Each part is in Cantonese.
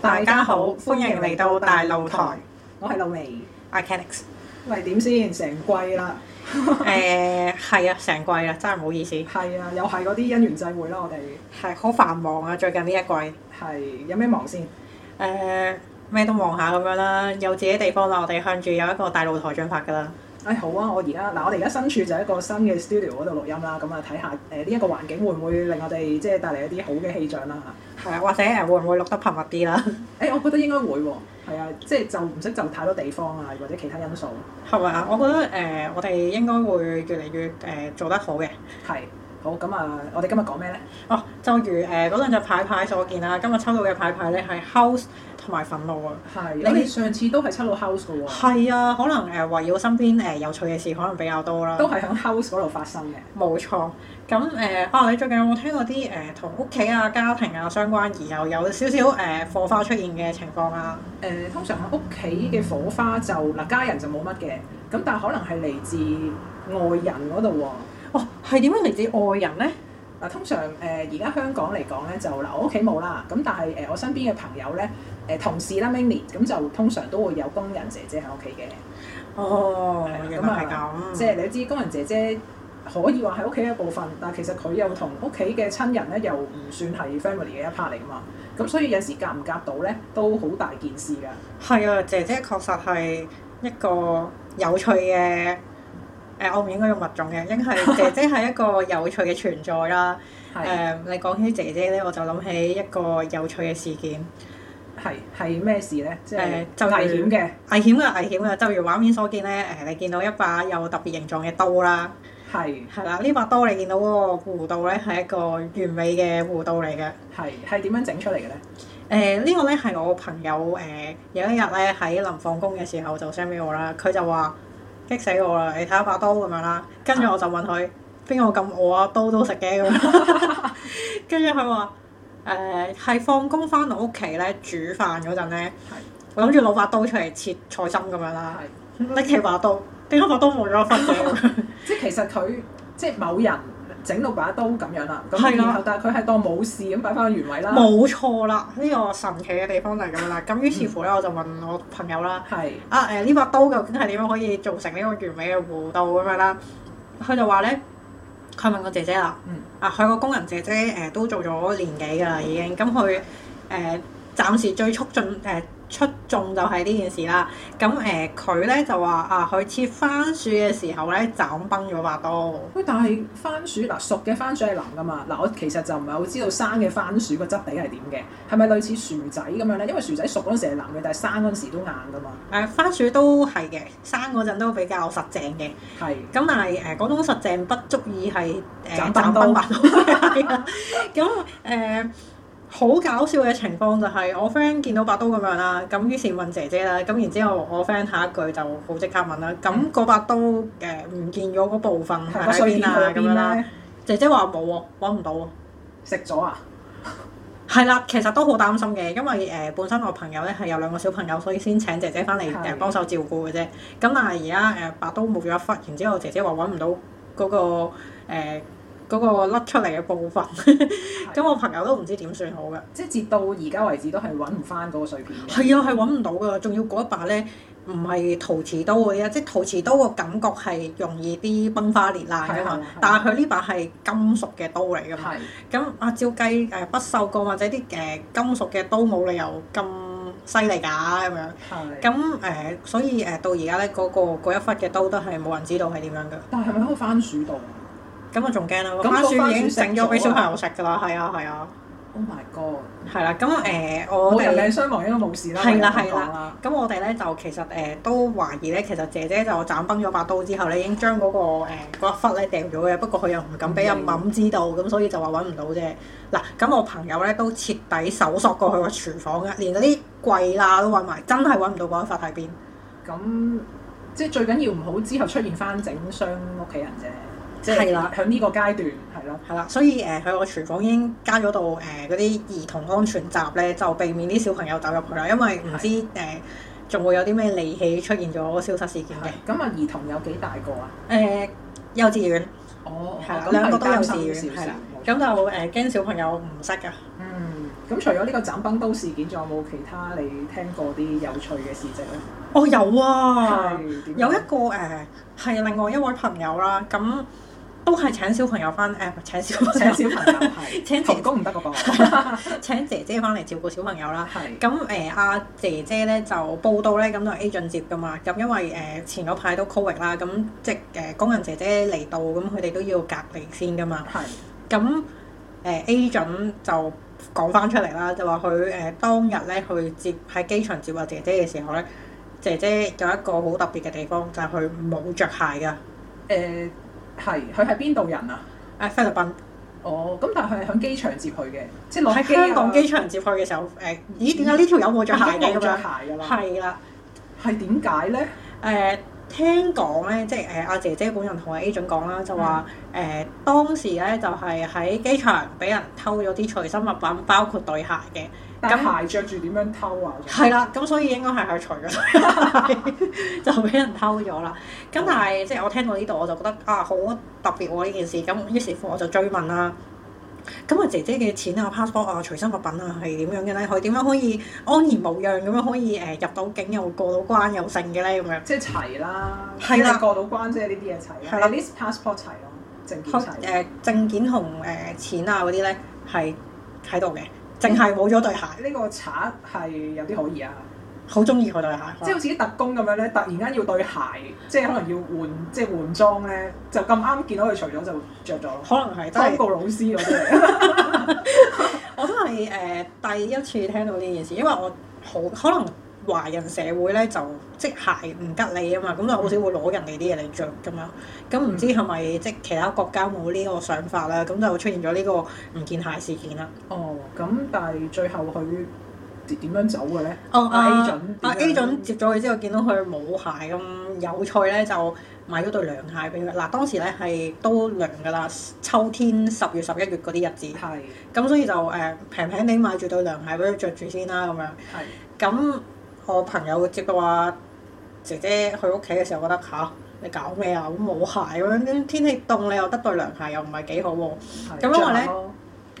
大家好，歡迎嚟到大露台。我係露薇，Icanx。喂，點先？成季啦。誒、 呃，係啊，成季啦，真係唔好意思。係 啊，又係嗰啲姻緣際會啦，我哋係好繁忙啊。最近呢一季係、啊、有咩忙先？咩、呃、都忙下咁樣啦。有自己地方啦，我哋向住有一個大露台進發噶啦。哎好啊，我而家嗱，我哋而家身處就係一個新嘅 studio 嗰度錄音啦，咁啊睇下誒呢一個環境會唔會令我哋即係帶嚟一啲好嘅氣象啦嚇？係、呃、啊，或者會唔會錄得頻密啲啦？誒，我覺得應該會喎、啊。係啊，即係就唔識就太多地方啊，或者其他因素。係咪、啊？我覺得誒、呃，我哋應該會越嚟越誒、呃、做得好嘅。係、嗯。好咁啊、嗯呃，我哋今日講咩咧？哦，就如誒嗰兩隻牌牌所見啦，今日抽到嘅牌牌咧係 house。同埋憤怒啊！是你哋們上次都係出到 house 嘅喎。係啊，可能誒、呃、圍繞身邊誒、呃、有趣嘅事可能比較多啦。都係喺 house 嗰度發生嘅。冇錯。咁誒，可、呃啊、你最近有冇聽過啲誒同屋企啊、家庭啊相關而又有少少誒、呃、火花出現嘅情況啊？誒、呃，通常喺屋企嘅火花就嗱、嗯啊、家人就冇乜嘅，咁但係可能係嚟自外人嗰度喎。哇、哦，係點樣嚟自外人咧？嗱，通常誒而家香港嚟講咧，就嗱我屋企冇啦，咁但係誒、呃、我身邊嘅朋友咧，誒、呃、同事啦，family 咁就通常都會有工人姐姐喺屋企嘅。哦，咁啊，即係你知工人姐姐可以話係屋企一部分，但係其實佢又同屋企嘅親人咧又唔算係 family 嘅一 part 嚟嘛。咁、嗯、所以有時夾唔夾到咧，都好大件事㗎。係、嗯、啊，姐姐確實係一個有趣嘅。我唔應該用物種嘅，因為姐姐係一個有趣嘅存在啦。誒、 嗯，你講起姐姐咧，我就諗起一個有趣嘅事件。係係咩事咧？誒、呃，就危險嘅，危險嘅，危險嘅。就如畫面所見咧，誒、呃，你見到一把有特別形狀嘅刀啦。係係啦，呢把刀你見到嗰個弧度咧，係一個完美嘅弧度嚟嘅。係係點樣整出嚟嘅咧？誒、呃，這個、呢個咧係我朋友誒、呃、有一日咧喺臨放工嘅時候就 send 俾我啦。佢就話。激死我啦！你睇下把刀咁樣啦，跟住我就問佢邊個咁餓啊？刀都食嘅，咁，跟住佢話誒係放工翻到屋企咧，呃、煮飯嗰陣咧，的我諗住攞把刀出嚟切菜心咁樣啦，拎的起把刀，點解把刀冇咗份？ 即其實佢即某人。整到把刀咁樣啦，咁、啊、然後但係佢係當冇事咁擺翻原位啦。冇錯啦，呢、這個神奇嘅地方就係咁啦。咁於是乎咧，我就問我朋友啦，嗯、啊誒呢、呃、把刀究竟係點樣可以做成呢個完美嘅弧度咁樣啦？佢就話咧，佢問個姐姐啦，嗯、啊佢個工人姐姐誒、呃、都做咗年幾㗎啦已經，咁佢誒暫時最促進誒。呃出眾就係呢件事啦，咁誒佢咧就話啊，佢切番薯嘅時候咧斬崩咗把刀。喂，但係番薯嗱熟嘅番薯係腍噶嘛，嗱我其實就唔係好知道生嘅番薯個質地係點嘅，係咪類似薯仔咁樣咧？因為薯仔熟嗰陣時係腍嘅，但係生嗰陣時都硬噶嘛。誒番薯都係嘅，生嗰陣都比較實淨嘅。係。咁但係誒嗰種實淨不足以係誒斬崩把刀。咁誒。好搞笑嘅情況就係、是、我 friend 見到把刀咁樣啦，咁於是問姐姐啦，咁然之後我 friend 下一句就好即刻問啦，咁、呃、個把刀嘅唔見咗嗰部分喺邊、嗯、啊？咁樣啦，姐姐話冇喎，揾唔到。食咗了啊？係 啦，其實都好擔心嘅，因為誒、呃、本身我朋友咧係有兩個小朋友，所以先請姐姐翻嚟誒幫手照顧嘅啫。咁但係而家誒把刀冇咗一忽，然之後姐姐話揾唔到嗰、那個、呃嗰個甩出嚟嘅部分，咁 我朋友都唔知點算好嘅。即係直到而家為止都係揾唔翻嗰個碎片。係啊，係揾唔到㗎，仲要嗰把咧唔係陶瓷刀嘅，即係陶瓷刀個感覺係容易啲崩花裂爛㗎嘛。但係佢呢把係金屬嘅刀嚟㗎。嘛的。咁啊、嗯，照計誒不鏽鋼或者啲誒金屬嘅刀冇理由咁犀利㗎，咁樣。係的。咁誒、嗯嗯，所以誒到而家咧，嗰、嗰個嗰一忽嘅刀都係冇人知道係點樣㗎。但係係咪喺個番薯度？嗯咁我仲驚啦，那那番薯已經整咗俾小朋友食噶啦，係啊係啊。Oh my god！係啦，咁誒我哋人命傷亡應該冇事啦。係啦係啦。咁我哋咧就其實誒都懷疑咧，其實姐姐就斬崩咗把刀之後咧，已經將嗰、那個誒嗰一忽咧掉咗嘅。不過佢又唔敢俾阿敏知道，咁、嗯、你所以就話揾唔到啫。嗱、啊，咁我朋友咧都徹底搜索過佢個廚房啦，連嗰啲櫃啦都揾埋，真係揾唔到嗰一忽喺邊。咁即係最緊要唔好之後出現翻整傷屋企人啫。係啦，喺呢個階段，係咯，係啦，所以誒，佢、呃、個廚房已經加咗度誒嗰啲兒童安全閘咧，就避免啲小朋友走入去啦，因為唔知誒仲會有啲咩利器出現咗消失事件嘅。咁啊，嗯嗯、兒童有幾大個啊？誒、 呃，幼稚園。哦，兩個都有幼稚園，係啦、嗯。咁就誒驚小朋友唔識噶。嗯。咁、嗯嗯、除咗呢個斬崩刀事件，仲有冇其他你聽過啲有趣嘅事跡咧、嗯嗯？哦，有啊，有一個誒係另外一位朋友啦，咁。 descriptions 都係請小朋友翻，誒請小請小朋友係請童工唔得個噃， 請姐姐翻嚟 照顧小朋友啦。係咁誒，阿姐姐咧就報到咧，咁就 agent 接噶嘛。咁因為誒前嗰排都 covid 啦，咁即誒工人姐姐嚟到，咁佢哋都要隔離先噶嘛。係咁誒 agent 就講翻出嚟啦，就話佢誒當日咧去接喺機場接阿姐姐嘅時候咧，姐姐有一個好特別嘅地方就係佢冇着鞋噶誒。嗯係，佢係邊度人啊？誒、啊，菲律賓。哦，咁但係佢係喺機場接佢嘅，即係落喺、啊、香港機場接佢嘅時候，誒、呃，咦，點解、啊、的呢條友冇着鞋㗎？係啦、呃，係點解咧？誒。聽講咧，即係誒阿姐姐本人同阿 A 總講啦，就話誒、嗯呃、當時咧就係、是、喺機場俾人偷咗啲隨身物品，包括對鞋嘅。咁是鞋着住點樣偷啊？係啦，咁所以應該係佢除咗， 就俾人偷咗啦。咁但係、嗯、即係我聽到呢度我就覺得啊好特別喎、啊、呢件事。咁於是乎我就追問啦。咁啊，姐姐嘅錢啊、passport 啊、隨身物品啊，係點樣嘅咧？佢點樣可以安然無恙咁樣可以誒、呃、入到境又過到關又剩嘅咧？咁樣即係齊啦，係啦即係過到關即係呢啲嘢齊啦。係啦 passport 齊咯，證件齊誒、呃，證件同誒、呃、錢啊嗰啲咧係喺度嘅，淨係冇咗對鞋。呢、嗯這個賊係有啲可疑啊！好鍾意佢對鞋，即係好似啲特工咁樣咧，突然間要對鞋，即係可能要換，即係換裝咧，就咁啱見到佢除咗就着咗。可能係都個老師我真係，我都係誒、呃、第一次聽到呢件事，因為我好可能華人社會咧就即鞋唔吉利啊嘛，咁就好少會攞人哋啲嘢嚟着。咁樣，嗯。咁唔知係咪即其他國家冇呢個想法啦？咁就出現咗呢個唔見鞋事件啦。哦，咁但係最後佢。點點樣走嘅咧？啊 A 準啊 A 準接咗佢之後，見到佢冇鞋咁有趣咧，就買咗對涼鞋俾佢。嗱、啊、當時咧係都涼㗎啦，秋天十月十一月嗰啲日子。係的。咁所以就誒平平地買住對涼鞋俾佢著住先啦，咁樣。係的。咁我朋友接到話姐姐去屋企嘅時候，覺得嚇、啊、你搞咩啊？咁冇鞋咁樣，天氣凍你又得，得對涼鞋又唔係幾好喎、啊。係的。咁樣話咧。嗯嗯嗯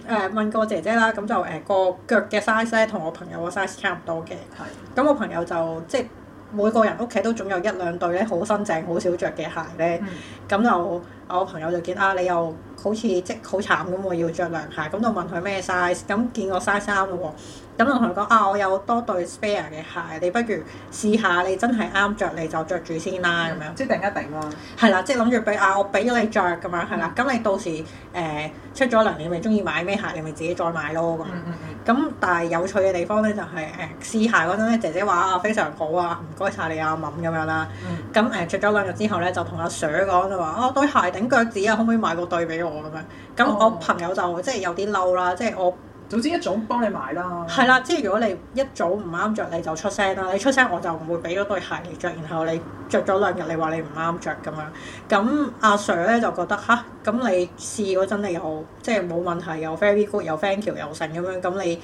誒問過姐姐啦，咁就誒個、呃、腳嘅 size 咧，同我朋友個 size 差唔多嘅。係是。咁我朋友就即係每個人屋企都總有一兩對咧，好新淨、好少着嘅鞋咧。咁就我朋友就見啊，你又好似即係好慘咁，我要着涼鞋。咁就問佢咩 size，咁見我 size 三喎、哦。咁我同佢講啊，ONE，我有多對 spare 嘅鞋，你不如試下你。你真係啱着，你就着住先啦，咁樣即係定一定啦。係啦，即係諗住俾啊，我俾咗你着。咁樣，係啦。咁你到時誒、呃、出咗糧，你咪中意買咩鞋，你咪自，自己再買咯。咁咁、嗯嗯，但係有趣嘅地方咧、就是，就係誒試鞋嗰陣咧，姐姐話啊非常好啊，唔該晒你啊敏咁樣啦。咁誒著咗兩日之後咧，就同阿 Sir 講就話啊我對鞋頂腳趾啊，可唔可以買個對俾我咁樣？咁、嗯嗯嗯、我朋友就即係有啲嬲啦，即係、嗯 oh. 我。我總之一早幫你買啦，係啦，即係如果你一早唔啱着，你就出聲啦，你出聲我就唔會俾嗰對鞋你着，然後你着咗兩日你話你唔啱着咁樣，咁阿、啊、Sir 咧就覺得吓，咁你試過真係有即係冇問題，又 very good，又 fancy 又神咁樣，咁你。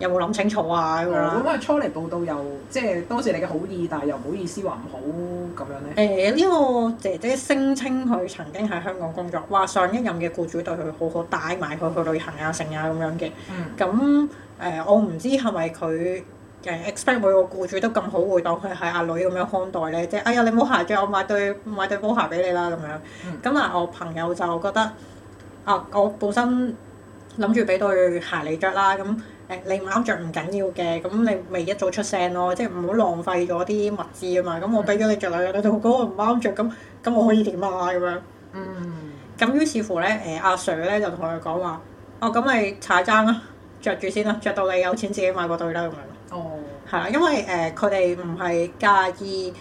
有冇諗清楚啊？如果咁初嚟報到又即係多謝你嘅好意，但係又唔好意思話唔好咁樣咧。誒呢個姐姐聲稱佢曾經喺香港工作，話上一任嘅僱主對佢好好，帶埋佢去旅行啊，成啊咁樣嘅。嗯。咁誒、呃，我唔知係咪佢誒 expect 每個僱主都咁好，會當佢係阿女咁樣看待咧？即係哎呀，你冇鞋著，我買對買對波鞋俾你啦、啊、咁樣。嗯。咁啊，我朋友就覺得啊，我本身諗住俾對鞋你着啦，咁。嗯。誒你唔啱着唔緊要嘅，咁你咪一早出聲咯，即係唔好浪費咗啲物資啊嘛。咁我俾咗你、嗯、著嚟，你到嗰個唔啱着，咁咁我可以點啊？咁樣。嗯。咁於是乎咧，誒、啊、阿 Sir 咧就同佢講話，哦咁你踩踭啦，着住先啦，着到你有錢自己買個對啦咁樣。哦。係啊，因為誒佢哋唔係介意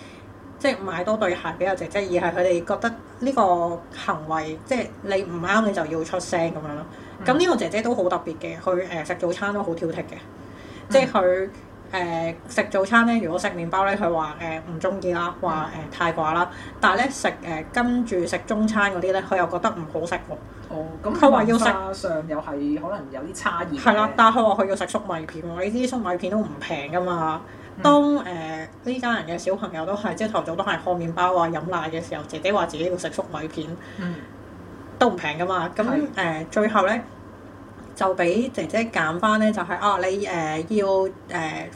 即係、就是、買多對鞋俾阿姐姐，而係佢哋覺得呢個行為即係、就是、你唔啱，你就要出聲咁樣咯。咁呢個姐姐都好特別嘅，佢誒、呃、食早餐都好挑剔嘅，嗯、即係佢誒食早餐咧，如果食麪包咧，佢話誒唔中意啦，話、呃、誒、呃、太寡啦。但係咧食誒跟住食中餐嗰啲咧，佢又覺得唔好食。哦，咁佢話沙上又係可能有啲差異。係啦、啊，但係佢話佢要食粟米片喎，你知粟米片都唔平噶嘛。當誒呢、呃、家人嘅小朋友都係即係頭早都係看麪包啊、飲奶嘅時候，姐姐話自己要食粟米片，嗯、都唔平噶嘛。咁誒、嗯嗯呃、最後咧。就俾姐姐揀翻咧，就係啊你誒要誒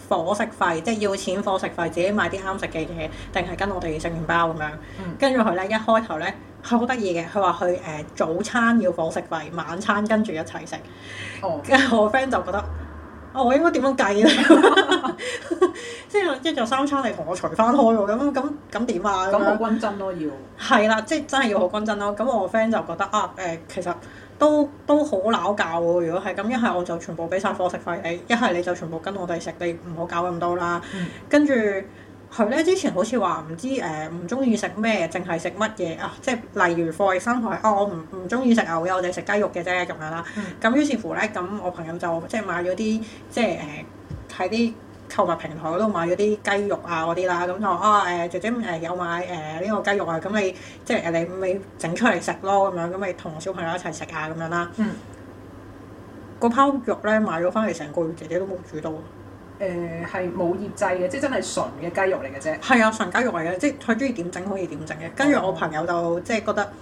伙食費，即係要錢伙食費，自己買啲啱食嘅嘢，定係跟我哋食麪包咁樣。嗯。跟住佢咧一開頭咧，佢好得意嘅，佢話去誒早餐要伙食費，晚餐跟住一齊食。哦。跟住我 friend 就覺得，啊我應該點樣計咧？即係一日三餐係同我除翻開喎，咁咁咁點啊？咁好均真咯要。係啦，即係真係要好均真咯。咁我 friend 就覺得啊誒，其實。都都好鬧教喎！如果係咁，一係我就全部俾晒伙食費你，一係你就全部跟我哋食，你唔好搞咁多啦。嗯、跟住佢咧之前好似話唔知誒唔中意食咩，淨係食乜嘢啊？即係例如貨餵生海，啊我唔唔中意食牛油，我哋食雞肉嘅啫咁樣啦。咁、啊嗯、於是乎咧，咁我朋友就即係買咗啲即係誒睇啲。呃購物平台嗰度買咗啲雞肉啊嗰啲啦，咁就啊誒姐姐誒有買誒呢個雞肉啊，咁、啊呃呃這個啊、你即係、呃、你咪整出嚟食咯咁樣，咁咪同小朋友一齊食啊咁樣啦。嗯。個包肉咧買咗翻嚟成個月，姐姐都冇煮到。誒、呃，係冇醃製嘅，即係真係純嘅雞肉嚟嘅啫。係啊，純雞肉嚟嘅，即係佢中意點整，可以點整嘅。跟住我朋友就即係覺得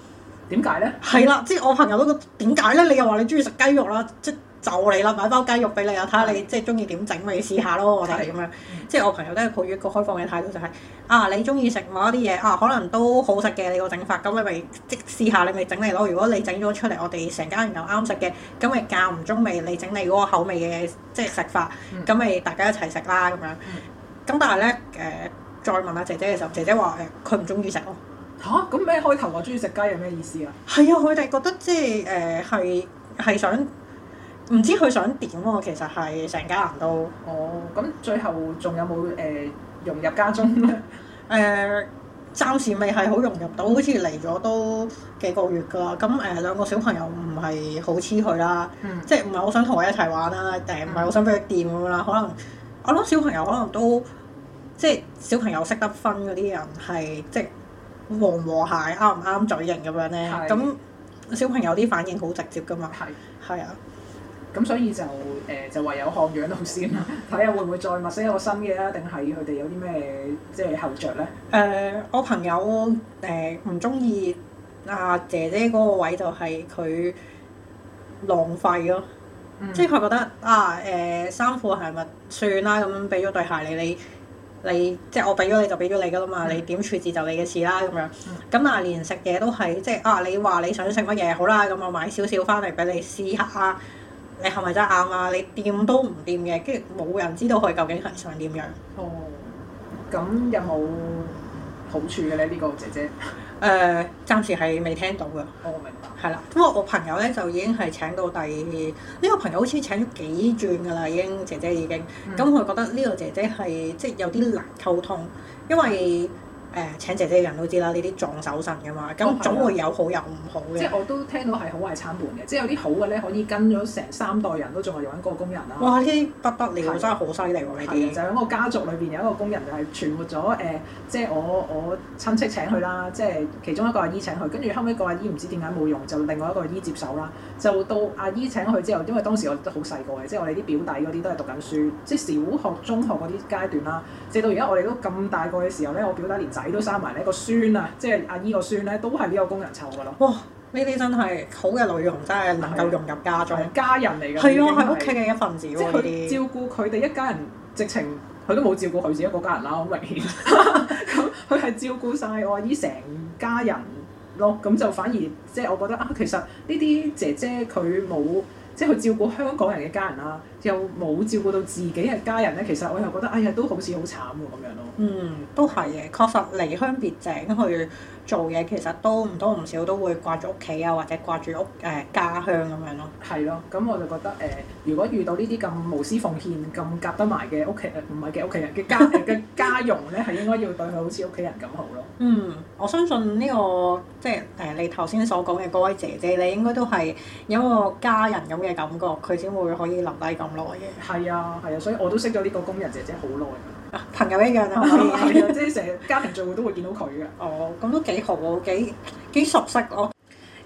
點解咧？係啦，即係我朋友都覺得點解咧？你又話你中意食雞肉啦，即就你啦，買包雞肉俾你啊，睇下你即係中意點整，咪試下咯。我哋係咁樣，即係我朋友都係抱住一個開放嘅態度、就係，就係啊，你中意食某啲嘢啊，可能都好食嘅你個整法。咁你咪即係試下，你咪整你咯。如果你整咗出嚟，我哋成家人又啱食嘅，咁咪間唔中咪。你整你嗰個口味嘅即係食法，咁咪大家一齊食啦咁樣。咁但係咧誒，再問下姐姐嘅時候，姐姐話誒佢唔中意食咯。吓？咁咩開頭話中意食雞有咩意思啊？係啊，佢哋覺得即係誒係係想。唔知佢想點喎？其實係成家人都。哦。咁最後仲有冇誒融入家中咧？誒暫時未係好融入到，好似嚟咗都幾個月㗎啦。咁誒兩個小朋友唔係好黐佢啦，即係唔係好想同我一齊玩啦，誒唔係好想俾佢掂咁樣啦。可能我諗小朋友可能都即係小朋友識得分嗰啲人係即係和唔和諧啱唔啱嘴型咁樣咧。咁小朋友啲反應好直接㗎嘛？係係啊。咁所以就誒、呃、就唯有看樣到先啦，睇下會唔會再物色一個新嘅啦？定係佢哋有啲咩即係後着咧？誒、呃，我朋友誒唔中意啊姐姐嗰個位就係佢浪費咯，即係佢覺得啊誒，衫褲係咪算啦，咁俾咗對鞋你，你即係、就是、我俾咗你就俾咗你噶啦嘛，嗯、你點處置就你嘅事啦咁樣。咁啊、嗯，連食嘢都係即係啊，你話你想食乜嘢好啦，咁我買少少翻嚟俾你試下你係咪真啱啊？你掂都唔掂嘅，跟住冇人知道佢究竟係想點樣。哦，咁有冇好處嘅咧？呢、這個姐姐。誒、呃，暫時係未聽到嘅。我、哦、明白。係啦，因為我朋友咧就已經係請到第二呢、這個朋友好，好似請咗幾轉噶啦已經，姐姐已經。咁我、嗯嗯、覺得呢個姐姐係即係有啲難溝通，因為。誒請姐姐嘅人都知啦，呢啲撞手神噶嘛，咁總會有好有唔好嘅。哦、即係我都聽到係好壞參半嘅，即係有啲好嘅咧，可以跟咗成三代人都仲係揾個工人啊！哇！呢啲不得了，的真係好犀利喎！呢啲的就係、是、個家族裏邊有一個工人就係存活咗誒、呃，即係我我親戚請佢啦，即係其中一個阿姨請佢，跟住後尾個阿姨唔知點解冇用，就另外一個阿姨接手啦。就到阿姨請佢之後，因為當時我都好細個嘅，即係我哋啲表弟嗰啲都係讀緊書，即係小學、中學嗰啲階段啦。直到而家我哋都咁大個嘅時候咧，我表弟連你都生埋咧個孫啊！即係阿姨個孫咧，都係呢個工人湊嘅咯。哇！呢啲真係好嘅女傭，真係能夠融入家中，家人嚟㗎。係啊，係屋企嘅一份子、啊、即喎。照顧佢哋一家人，直情佢都冇照顧佢自己一個家人啦，好明顯。咁佢係照顧晒我阿姨成家人咯。咁就反而即係、就係、我覺得啊，其實呢啲姐姐佢冇。即係佢照顧香港人嘅家人啦，又冇照顧到自己嘅家人咧。其實我又覺得，哎呀，都好似好慘喎咁樣咯。嗯，都係嘅。確實離鄉別井去做嘢，其實都唔多唔少都會掛住屋企啊，或者掛住屋誒家鄉咁樣咯。係咯，咁我就覺得誒、呃，如果遇到呢啲咁無私奉獻、咁夾得埋嘅屋企，唔係嘅屋企人嘅家嘅家傭咧，係、呃、 應該要對佢好似屋企人咁好咯。嗯，我相信呢、這個即係誒、呃、你頭先所講嘅嗰位姐、姐姐，你應該都係有一個家人咁。嘅感覺，佢先會可以留低咁耐嘅。係啊，係啊，所以我都識咗呢個工人姐姐好耐。朋友一樣啊，係啊， 即係成日家庭聚會都會見到佢嘅。哦，咁 都幾好，幾幾熟悉咯、哦。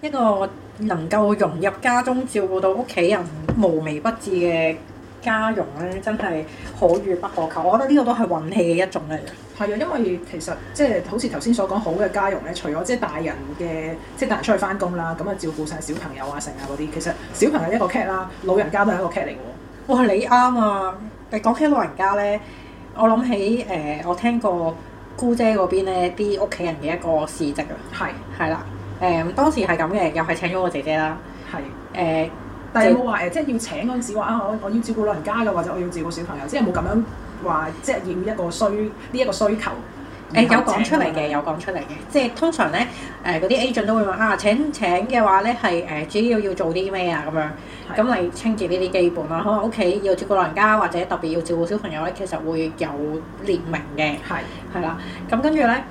一個能夠融入家中，照顧到屋企人無微不至嘅家傭咧真係可遇不可求，我覺得呢個都係運氣嘅一種嚟嘅。係啊，因為其實即係好似頭先所講，好嘅家傭咧，除咗即係大人嘅，即係大人出去翻工啦，咁啊照顧晒小朋友啊成啊嗰啲，其實小朋友一個 cat 啦，老人家都係一個 cat 嚟喎。哇，你啱啊！你講起老人家咧，我諗起誒、呃，我聽過姑姐嗰邊咧啲屋企人嘅一個事蹟啊。係係啦，誒、嗯、當時係咁嘅，又係請咗個姐姐啦。係誒的。嗯嗯但係冇話誒，即係要請嗰陣時話啊，我我要照顧老人家嘅，或者我要照顧小朋友，即係冇咁樣話，即係要一個需呢一個需求誒有講出嚟嘅，有講出嚟嘅，即係通常咧誒嗰、呃、啲 agent 都會問啊，請請嘅話咧係誒主要要做啲咩啊咁樣，咁是你清潔呢啲基本啦。可能屋企要照顧老人家或者特別要照顧小朋友咧，其實會有列明嘅，係係啦，咁、嗯、跟住咧。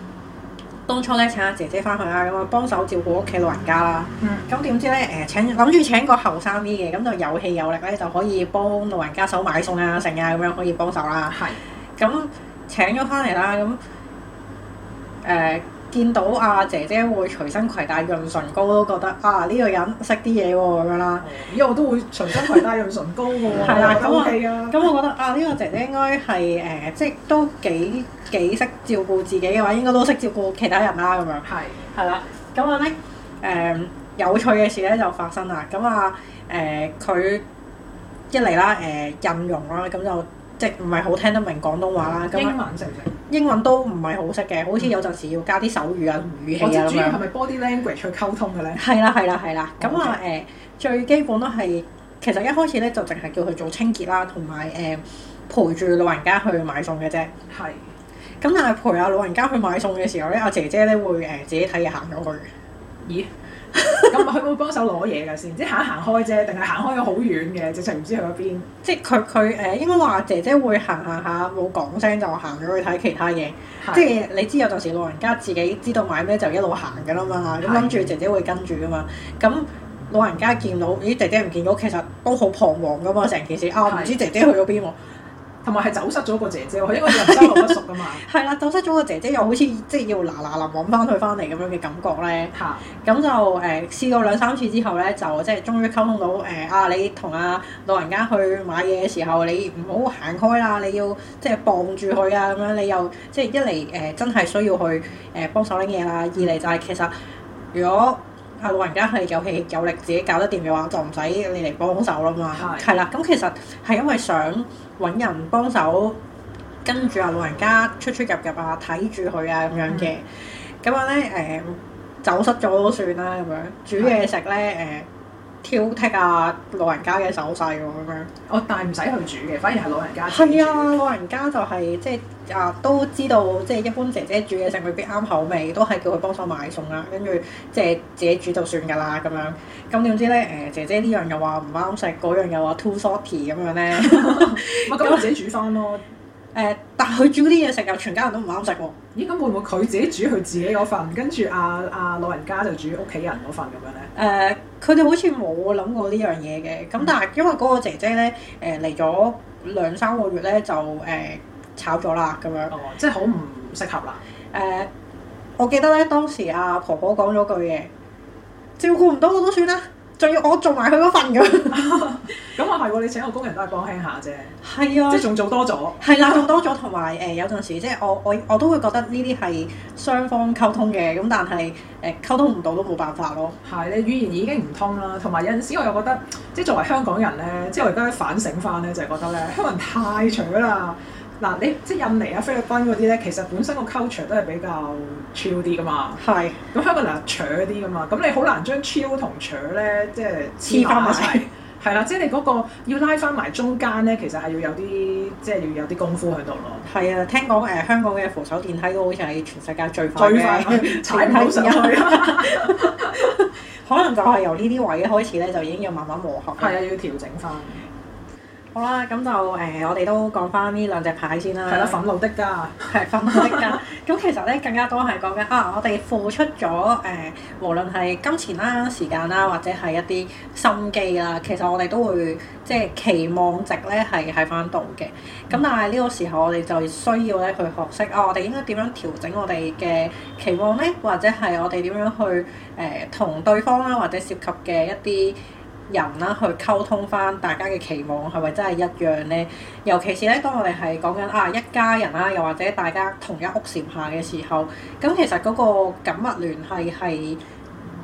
當初咧請阿姐姐翻去啊，咁啊幫手照顧屋企老人家啦。嗯。咁點知咧誒、呃、請諗住請個後生啲嘅，咁就有氣有力咧就可以幫老人家手買餸啊、剩啊咁樣可以幫手啦。係。咁、嗯、請咗翻嚟啦，咁、嗯、誒。呃見到阿姐姐會隨身攜帶潤唇膏，都覺得啊，呢個人識啲嘢喎咁樣啦，因為我都會隨身攜帶潤唇膏噶喎。係啦，咁我咁我覺得啊，呢個姐姐應該係誒即係都幾幾識照顧自己嘅話，應該都識照顧其他人啦咁樣。係係啦，咁啊咧誒有趣嘅事咧就發生啦，咁啊誒佢一嚟啦誒印傭啦，咁就即係唔係好聽得明廣東話啦。英文成唔成？英文都唔係好識嘅，嗯、好似有陣時要加啲手語啊語氣咁、啊、樣。我知主要係咪 body language 去溝通嘅咧？係啦係啦係啦，咁、oh, 啊誒 okay.、呃，最基本都係其實一開始咧就淨係叫佢做清潔啦，同埋誒陪住老人家去買餸嘅啫。係是。咁但係陪下老人家去買餸嘅時候咧，阿、啊、姐姐咧會誒自己睇嘢行咗去。咦？Yeah. 咁佢會幫手攞嘢㗎先，即係行行開啫，定係行開咗好遠嘅，直情唔知去咗邊。即係佢佢誒應該話姐姐會行行下，冇講聲就行、是、咗去睇其他嘢。的即係你知有陣時老人家自己知道買咩就一路行㗎啦嘛，咁諗住姐姐會跟住㗎嘛。咁、嗯、老人家見到咦姐姐唔見到」，其實都好彷徨㗎嘛，成件事啊我唔知姐姐去咗邊喎。同埋係走失咗個姐姐，因為人生路不熟啊嘛。係啦， 走失咗個姐姐，又好似即係要嗱嗱臨揾翻佢翻嚟咁樣嘅感覺咧。嚇！ 咁就誒試過兩三次之後咧，就即係終於溝通到誒、呃、啊！你同啊老人家去買嘢嘅時候，你唔好行開啦，你要即係綁住佢傍住佢啊咁樣。你又即係一嚟誒、呃、真係需要去誒、呃、幫手拎嘢啦，二嚟就係其實如果。啊老人家係有氣有力自己搞得掂嘅話，就唔使你嚟幫手啦嘛。係啦的，咁其實係因為想揾人幫手跟住啊老人家出出入入，啊睇住佢啊咁樣嘅，咁啊咧誒走失咗都算啦咁樣，煮嘢食咧誒。的挑剔啊老人家嘅手勢喎咁樣，我但係唔使去煮嘅，反而係老人家。係啊，老人家就係、是、即係啊都知道，即係一般姐姐煮嘢食未必啱口味，都係叫佢幫手買餸啊，跟住即係自己煮就算㗎啦咁樣。咁點知咧誒姐姐呢樣又話唔啱食，嗰樣又話 too salty 咁樣咧，咁我、 啊、自己煮翻咯。 誒、呃，但佢煮啲嘢食又全家人都唔啱食喎。咦，咁會唔會佢自己煮佢自己嗰份，跟住阿阿老人家就煮屋企人嗰份咁樣咧？誒、呃，佢哋好似冇諗過呢樣嘢嘅。咁、嗯、但係因為嗰個姐姐咧，誒嚟咗兩三個月咧就誒、呃、炒咗啦，咁樣哦，即係好唔適合啦。誒、呃，我記得咧當時阿、啊、婆婆講咗句嘢，照顧唔到我都算啦。仲要我做埋佢嗰份咁、 啊，咁啊係喎！你請個工人都係幫輕下啫，係啊，即係仲做多咗，係啦、啊，做多咗同埋誒有陣、呃、時即係我我我都會覺得呢啲係雙方溝通嘅，咁但係誒、呃、溝通唔到都冇辦法咯。係，你語言已經唔通啦，同埋有陣時我又覺得即係作為香港人咧，即係我而家反省翻咧，就係、是、覺得咧，香港人太蠢啦。嗱，你即係印尼啊、菲律賓嗰啲咧，其實本身個 culture 都係比較 chill 啲噶嘛。係是。咁香港咧 chur 啲噶嘛，咁你好難將 chill 同 chur 咧，即係黐翻埋。係啦， 即係你嗰個要拉翻埋中間咧，其實係要有啲，即係要有啲功夫喺度咯。係啊、嗯，聽講誒香港嘅扶手電梯都好似係全世界最快嘅。最快。踩梯先去。啊、 可能就係由呢啲位開始咧，就已經要慢慢磨合。係啊、嗯，要調整翻。好啦，咁就誒、呃，我哋都講翻呢兩隻牌先啦，係啦，憤怒的家，係憤怒的家。咁 其實咧，更加多係講嘅啊，我哋付出咗誒、呃，無論係金錢啦、時間啦，或者係一啲心機啦，其實我哋都會即係期望值咧係喺翻度嘅。咁但係呢個時候，我哋就需要咧去學識啊，我哋應該點樣調整我哋嘅期望咧，或者係我哋點樣去誒同、呃、對方啦，或者涉及嘅一啲人啦，去溝通返大家嘅期望係咪真係一樣呢？尤其是咧，當我哋係講緊啊一家人啦，又或者大家同一屋檐下嘅時候，咁其實嗰個緊密聯繫係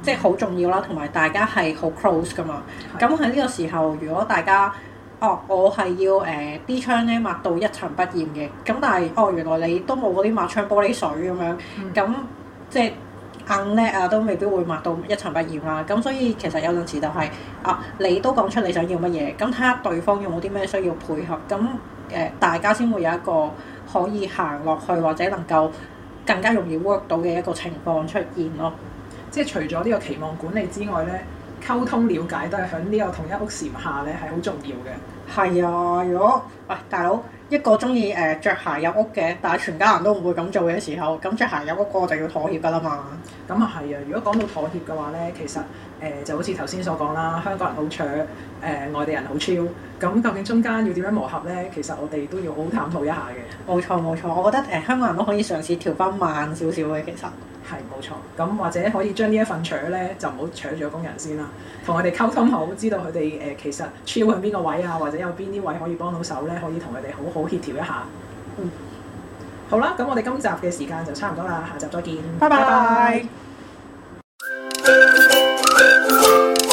即係好重要啦，同埋大家係好 close 㗎嘛。咁喺呢個時候，如果大家哦，我係要誒啲窗咧抹到一塵不染嘅，咁但係哦原來你都冇嗰啲抹窗玻璃水咁樣，咁即係。硬叻啊，都未必會抹到一塵不染啦。咁所以其實有陣時就係、是、啊，你都講出你想要乜嘢，咁睇下對方有冇啲咩需要配合，咁誒、呃、大家先會有一個可以行落去或者能夠更加容易 work 到嘅一個情況出現咯。即係除咗呢個期望管理之外咧，溝通了解都係響呢個同一屋檐下咧係好重要嘅。係啊，如果喂大佬。一個中意誒著鞋入屋嘅，但係全家人都唔會咁做嘅時候，咁、嗯、着鞋入屋個就要妥協㗎啦嘛。咁啊係啊，如果講到妥協嘅話咧，其實誒、呃、就好似頭先所講啦，香港人好搶，誒、呃、外地人好超，咁究竟中間要點樣磨合咧？其實我哋都要好好探討一下嘅。冇錯冇錯，我覺得誒、呃、香港人都可以嘗試調翻慢少少嘅，其實。係冇錯，咁或者可以將呢一份搶咧，就唔好搶住個工人先啦。同佢哋溝通好，知道佢哋誒其實超去邊個位啊，或者有邊啲位可以幫到手咧，可以同佢哋好好協調一下。嗯、好啦，咁我哋今集嘅時間就差唔多啦，下集再見，拜拜 bye。Bye bye